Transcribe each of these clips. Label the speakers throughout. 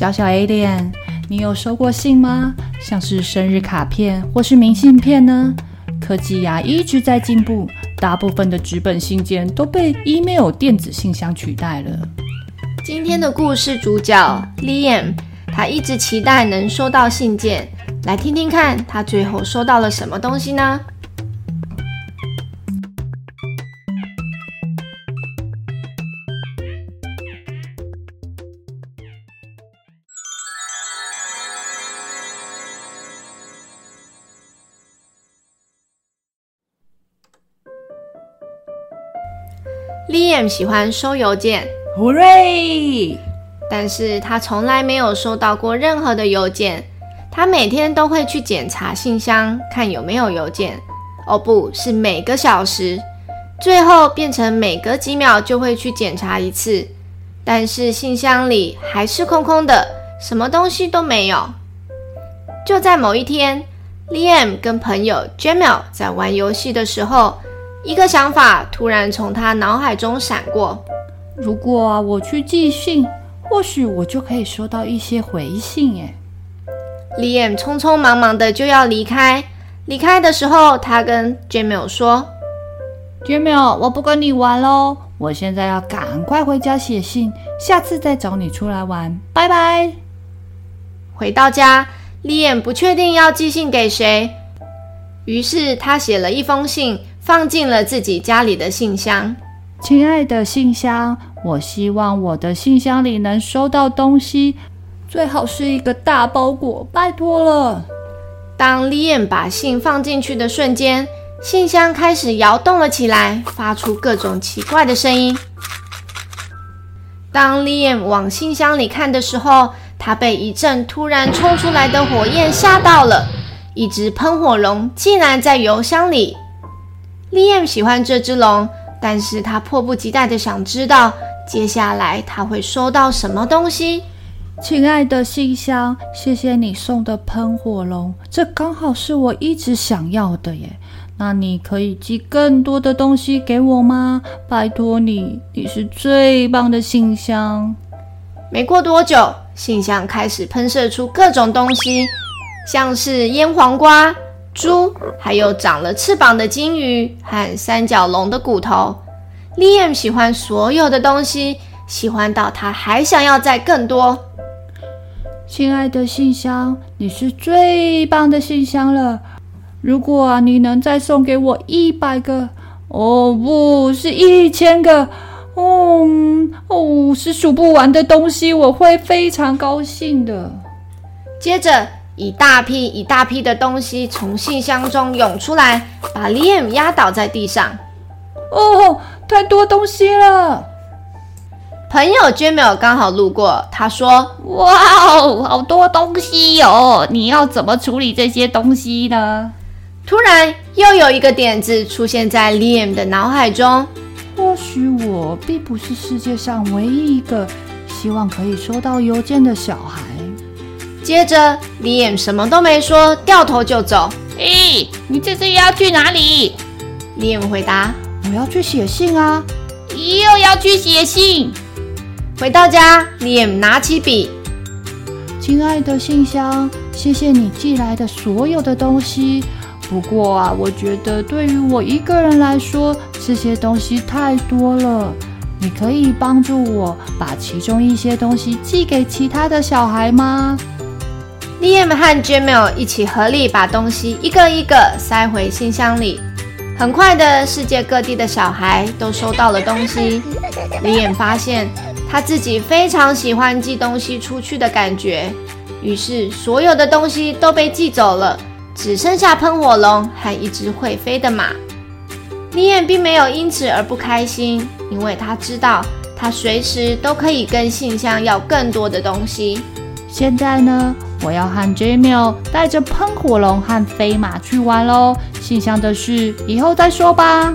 Speaker 1: 小小 Alien，你有收過信嗎？像是生日卡片或是明信片呢？科技啊，一直在進步，大部分的紙本信
Speaker 2: 件都被 email 電子信箱取代了。今天的故事主角 Liam，他一直期待能收到信件，來聽聽看他最後收到了什麼東西呢？Liam 喜歡收郵件，Hooray！但是他從來沒有收到過任何的郵件。他每天都會去檢查信箱，看有沒有郵件。哦，不，是每個小時，最後變成每隔幾秒就會去檢查一次。但是信箱裡還是空空的，什麼東西都沒有。就在某一天，Liam 跟朋友 Jamil 在玩遊戲的時候，一個想法突然從他腦海中閃過：如果、啊、我去寄信，或許我就可以收到一些回信耶。誒，Liam 匆匆忙忙的就要離開，離開的時候，他跟 Jamie 說：“Jamie，我不跟
Speaker 1: 你玩嘍，我現在要趕快回家寫信，下次再找你出來玩，
Speaker 2: 拜拜。”回到家，Liam 不確定要寄信給誰，於是他寫了一封信。放進了自己家裡的信箱。
Speaker 1: 親愛的信箱，我希望我的信箱裡能收到東
Speaker 2: 西，最好是一個大包裹，拜託了。當 Liam 把信放進去的瞬間，信箱開始搖動了起來，發出各種奇怪的聲音。當 Liam 往信箱裡看的時候，他被一陣突然衝出來的火焰嚇到了，一隻噴火龍竟然在郵箱裡！Liam 喜歡這隻龍，但是他迫不及待地想知道，接下來他會收到什麼東西。親愛的信箱，謝謝你送的噴火龍，這剛好是
Speaker 1: 我一直想要的耶。那你可以寄更多的東西給我嗎？
Speaker 2: 拜托你，你是最棒的信箱。沒過多久，信箱開始噴射出各種東西，像是醃黃瓜。豬，還有長了翅膀的金魚和三角龍的骨頭。Liam 喜歡所有的東西，喜歡到他還想要再更多。親愛的信箱，你是最棒的信箱
Speaker 1: 了。如果你能再送給我一百個，哦，不是一千個，哦、嗯、哦，是數不完的東西，我會非
Speaker 2: 常高興的。接着。一大批一大批的東西從信箱中湧出來，把 Liam 壓倒在地上。哦，太多東西了！朋友 Julia 剛好路過，他說：“哇哦，好多東西喲、哦！你要怎麼處理這些東西呢？”突然，又有一個點子出現在 Liam 的腦海中。或許我並不是世界上唯一一個希望可以收到郵件的小孩。接着，利安什麼都沒說，掉頭就走。咦、欸，你這次要去哪裡？利安回答：“我要去寫信啊。”又要去寫信。回到家，利安拿起筆：“親愛的信箱，謝謝你寄來的所有的東
Speaker 1: 西。不過啊，我覺得對於我一個人來說，這些東西太多了。你可以幫助我把其中一些東西寄給其
Speaker 2: 他的小孩嗎？” Liam 和 Jamil 一起合力把東西一個一個塞回信箱裡。很快的，世界各地的小孩都收到了東西。Liam 發現他自己非常喜歡寄東西出去的感覺，於是所有的東西都被寄走了，只剩下噴火龍和一隻會飛的馬。Liam 並沒有因此而不開心，因為他知道他隨時都可以跟信箱要更多的東西。
Speaker 1: 現在呢？我要和 Jemil 帶着噴火龍和飛馬去玩嘍。信箱的事以後再說吧。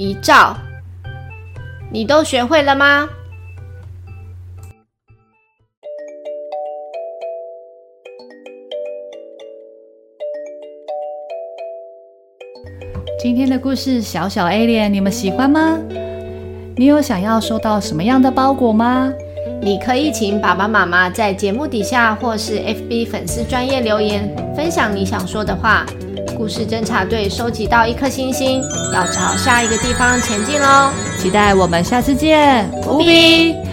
Speaker 2: 遺照，你都學會了嗎？
Speaker 1: 今天的故事，小
Speaker 2: 小 Alien 你們喜歡嗎？你有想要收到什麼樣的包裹嗎？你可以請爸爸媽媽在節目底下或是 FB 粉絲專頁留言，分享你想說的話。故事偵察隊收集到一顆星星，要朝下一個地方前進嘍！期
Speaker 1: 待我們下次見，
Speaker 2: 無比。無比。